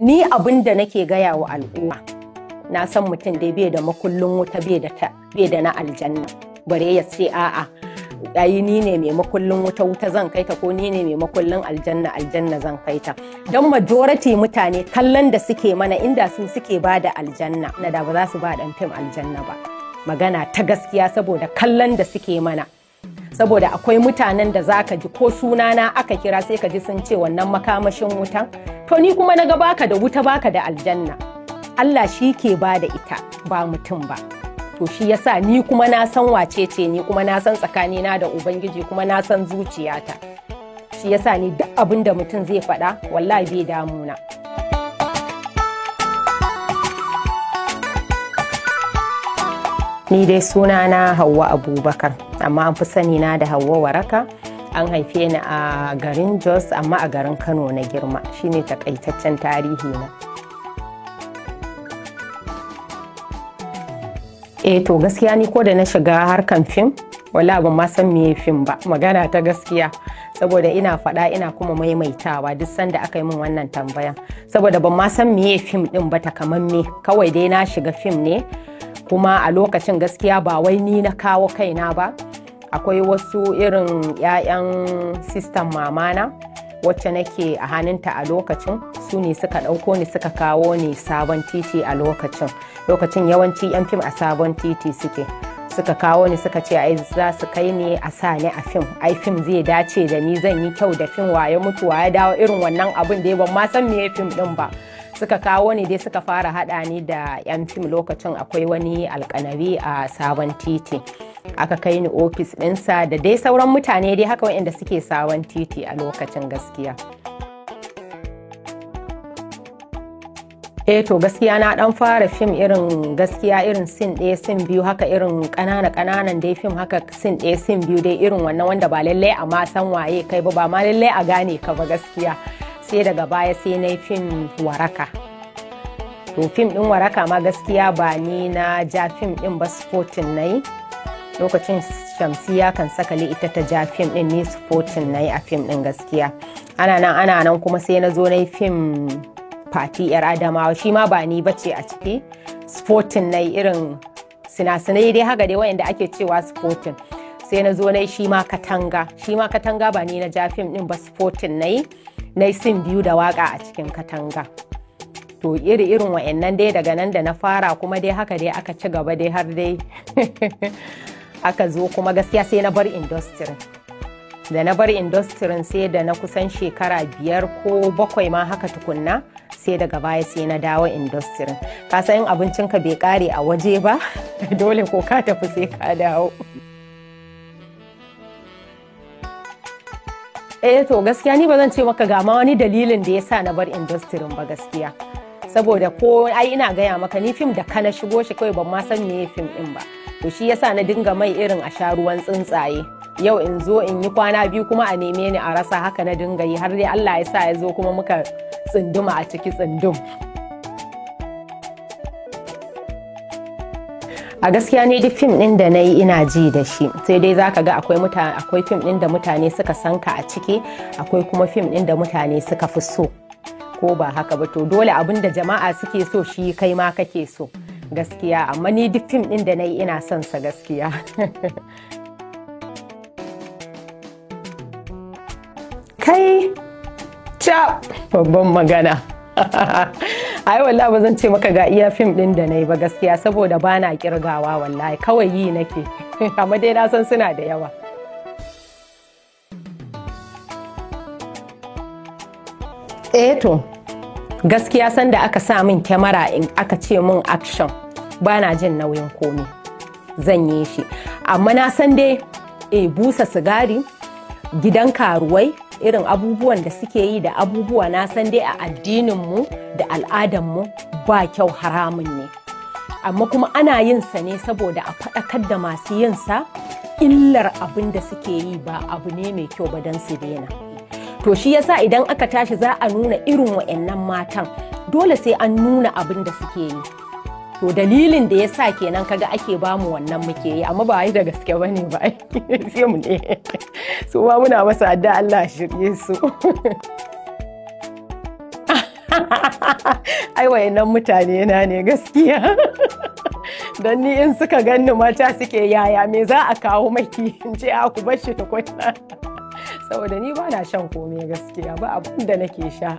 Ni abin da nake gaya wa al'umma, na san mutum dai bai da makullin wuta bai da na aljanna, bare ya ce a'a. Ayi ni ne mai makullin wuta wuta zan kaita ko ni ne mai makullin aljanna aljanna zan kaita. Don majority mutane kallon da suke mana inda su suke ba da aljanna, na da ba za su ba dan fim aljanna ba. Magana ta gaskiya saboda kallon da suke mana. saboda akwai mutanen da zaka ji ko sunana aka kira sai ka ji sun ce wannan makamashin wutan to ni kuma na ga baka da wuta baka da aljanna Allah shi ke ba da ita ba mutum ba to shi yasa ni kuma na san wace ce ni kuma na san tsakanina da ubangiji kuma na san zuciyata shi yasa ni duk abin da mutum zai faɗa wallahi bai damu na. Ni dai suna na Hauwa Abubakar, amma an fi sani na da Hauwa Waraka. an haife ni a garin jos amma a garin kano na girma shine takaitaccen tarihi na e to gaskiya ni ko da na shiga harkan fim wala ban ma san me fim ba magana ta gaskiya saboda ina faɗa ina kuma maimaitawa duk sanda aka yi min wannan tambaya saboda ban ma san me fim din ba me kawai dai na shiga fim ne kuma a lokacin gaskiya ba wai ni na kawo kaina ba akwai wasu irin 'ya'yan sistan mamana wacce nake a hannunta a lokacin su ne suka ɗauko ne suka kawo ne sabon titi a lokacin lokacin yawanci 'yan fim a sabon titi suke suka kawo ne suka ce ai za su kai ne a sa ni a fim ai fim zai dace da ni zan yi kyau da fim waye mutu waye dawo irin wannan abin da ban ma san me fim din ba suka kawo ne dai suka fara hada ni da 'yan fim lokacin akwai wani alkanabi a sabon titi aka kai ni ofis ɗinsa da dai sauran mutane dai haka wanda suke sawan titi a lokacin gaskiya. eh to gaskiya na ɗan fara fim irin gaskiya irin sin ɗaya sin biyu haka irin ƙanana ƙananan dai fim haka sin ɗaya sin biyu dai irin wannan wanda ba lallai a ma san waye kai ba ba ma lallai a gane ka ba gaskiya sai daga baya sai na fim waraka to fim ɗin waraka ma gaskiya ba ni na ja fim ɗin ba sporting na yi lokacin shamsiya kan saka ita ta ja fim din ne fotin na yi a fim din gaskiya ana nan ana nan kuma sai na zo na yi fim fati yar adamawa shi ma ba ni bace a ciki sporting na irin sinasinai dai haka dai wayanda ake cewa sporting sai na zo na yi shi ma katanga shi ma katanga ba ni na ja fim din ba sporting na yi na yi sin biyu da waka a cikin katanga to iri irin wayannan dai daga nan da na fara kuma dai haka dai aka ci gaba dai har dai aka zo kuma gaskiya sai na bar industry da na bar industry sai da na kusan shekara biyar ko bakwai ma haka tukunna sai daga baya sai na dawo industry ka san ka bai kare a waje ba dole ko ka tafi sai ka dawo eh to gaskiya ni ba zan ce maka ga ma wani dalilin da ya sa na bar industry ba gaskiya saboda ko ai ina gaya maka ni fim da ka na shigo shi kawai ban ma san me fim din ba to shi yasa na dinga mai irin a sha ruwan tsuntsaye yau in zo in yi kwana biyu kuma a neme ni a rasa haka na dinga yi har dai Allah ya sa ya zo kuma muka tsunduma a ciki tsundum a gaskiya ne duk fim din da na yi ina ji da shi sai dai zaka ga akwai mutane akwai fim din da mutane suka sanka a ciki akwai kuma fim din da mutane suka fi so ko ba haka ba to dole abin da jama'a suke so shi kai ma kake so gaskiya amma ni duk fim ɗin da na yi ina son sa gaskiya kai cap babban magana ai wallahi ba zan ce maka ga iya fim din da na yi ba gaskiya saboda bana kirgawa wallahi kawai yi nake amma dai na san suna da yawa eh to gaskiya sanda aka sa min kyamara in aka ce min action ba na jin nauyin komi zan yi shi amma na san dai e busa sigari gidan karuwai irin abubuwan da suke yi da abubuwa na san dai a addininmu da al'adanmu ba kyau haramun ne amma kuma ana yin sa ne saboda a faɗakar da masu yin sa illar abin da suke yi ba abu ne mai kyau ba don su daina. to shi yasa idan aka tashi za a nuna irin wa'annan matan dole sai an nuna abin da suke yi to dalilin da ya sa kenan kaga ake bamu wannan muke yi amma ba da gaske ba ne ba sai mu ne su ma muna masa adda Allah shirye su ai wayannan mutane na ne gaskiya don ni in suka ganni mata suke yaya me za a kawo maki in ce a ku bar shi tukunna saboda ni ba na shan komai gaskiya ba abin da nake sha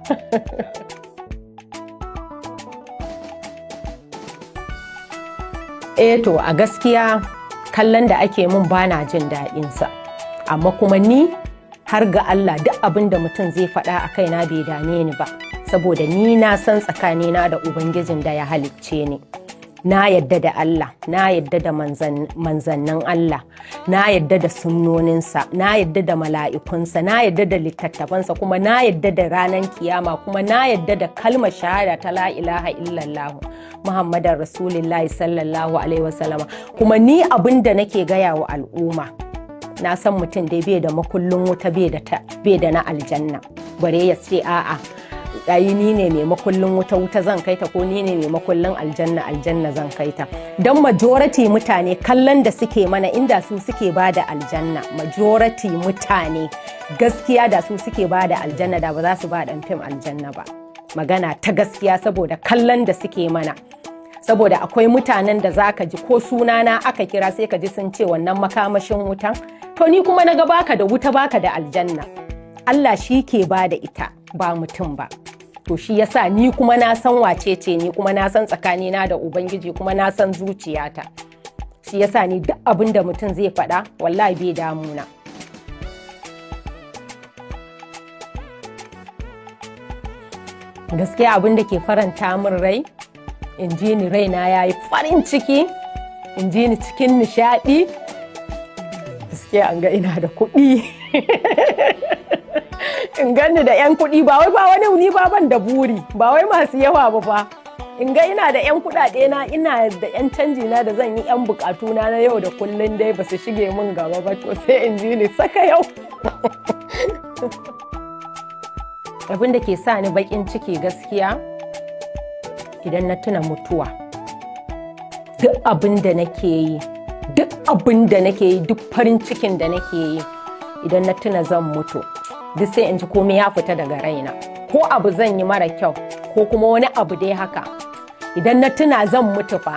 eh to a gaskiya kallon da ake mun ba na jin daɗinsa amma kuma ni har ga Allah duk abin da mutum zai faɗa a kaina bai dame ni ba saboda ni na san tsakanina da ubangijin da ya halicce ni. na yadda da Allah na yadda da manzannin Allah na yadda da sunnoninsa na yadda da mala'ikunsa na yadda da littattafansa kuma na yadda da ranar kiyama kuma na yadda da kalmar shahada ta la ilaha illallah muhammadan rasulullah sallallahu alaihi wasallama kuma ni abin da nake gaya wa al'umma na san mutum dai bai da makullin wuta bai da na aljanna bare ya ce a'a ayi ni ne mai makullin wuta wuta zan kai ta ko ni ne mai makullin aljanna aljanna zan kai ta don majority mutane kallon da suke mana inda su suke ba da aljanna majority mutane gaskiya da su suke ba da aljanna da ba za su ba dan fim aljanna ba magana ta gaskiya saboda kallon da suke mana saboda akwai mutanen da zaka ji ko suna na aka kira sai ka ji sun ce wannan makamashin wutan to ni kuma na ga baka da wuta baka da aljanna Allah shi ke ba da ita ba mutum ba. to shi yasa ni kuma na san wacece ni kuma na san tsakanina da ubangiji kuma na san zuciyata shi yasa ni duk abin da mutum zai faɗa wallahi bai damuna gaskiya abin da ke faranta min rai in ji ni raina ya yi farin ciki in ji ni cikin nishaɗi gaskiya an ga ina da kuɗi in gani da yan kuɗi ba wai ba wani ni ba ban da buri ba wai masu yawa ba fa in ga ina da yan kuɗaɗe na ina da yan canji na da zan yi yan bukatu na na yau da kullun dai ba su shige min gaba ba to sai in ji ni saka yau abin da ke sa ni bakin ciki gaskiya idan na tuna mutuwa duk abin da nake yi duk abin da nake yi duk farin cikin da nake yi idan na tuna zan mutu duk sai in ji komai ya fita daga raina ko abu zan yi mara kyau ko kuma wani abu dai haka idan na tuna zan mutu fa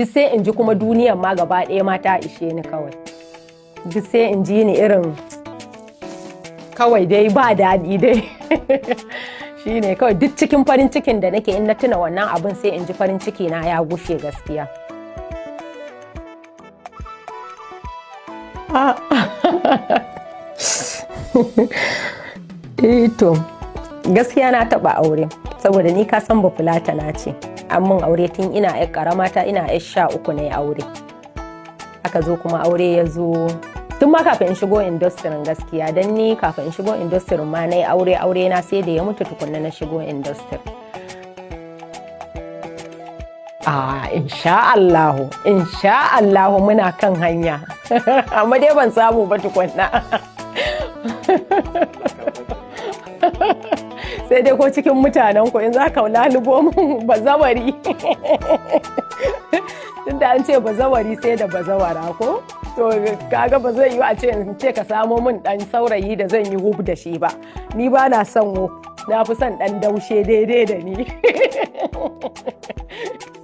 duk sai in ji kuma duniyar ma gaba ɗaya ma ta ishe ni kawai duk sai in ji ni irin kawai dai ba daɗi dai shine kawai duk cikin farin cikin da nake in na tuna wannan abin sai in ji farin ciki na ya gushe gaskiya ah. Eh to gaskiya na taba aure saboda ni ka san bafulata na ce amma aure tun ina yar karama ta ina yar sha uku na aure aka zo kuma aure ya zo tun ma kafin in shigo industry gaskiya don ni kafin in shigo industry ma na yi aure aure na sai da ya mutu tukunna na shigo industry Ah, insha Allahu insha Allahu muna kan hanya amma dai ban samu ba tukunna sai dai ko cikin mutanen ku in za ka lalubo mun bazawari tunda an ce bazawari sai da bazawara ko to kaga ba zai yi a ce in ce ka samo min dan saurayi da zan yi hub da shi ba ni ba na son na fi son dan daushe daidai da ni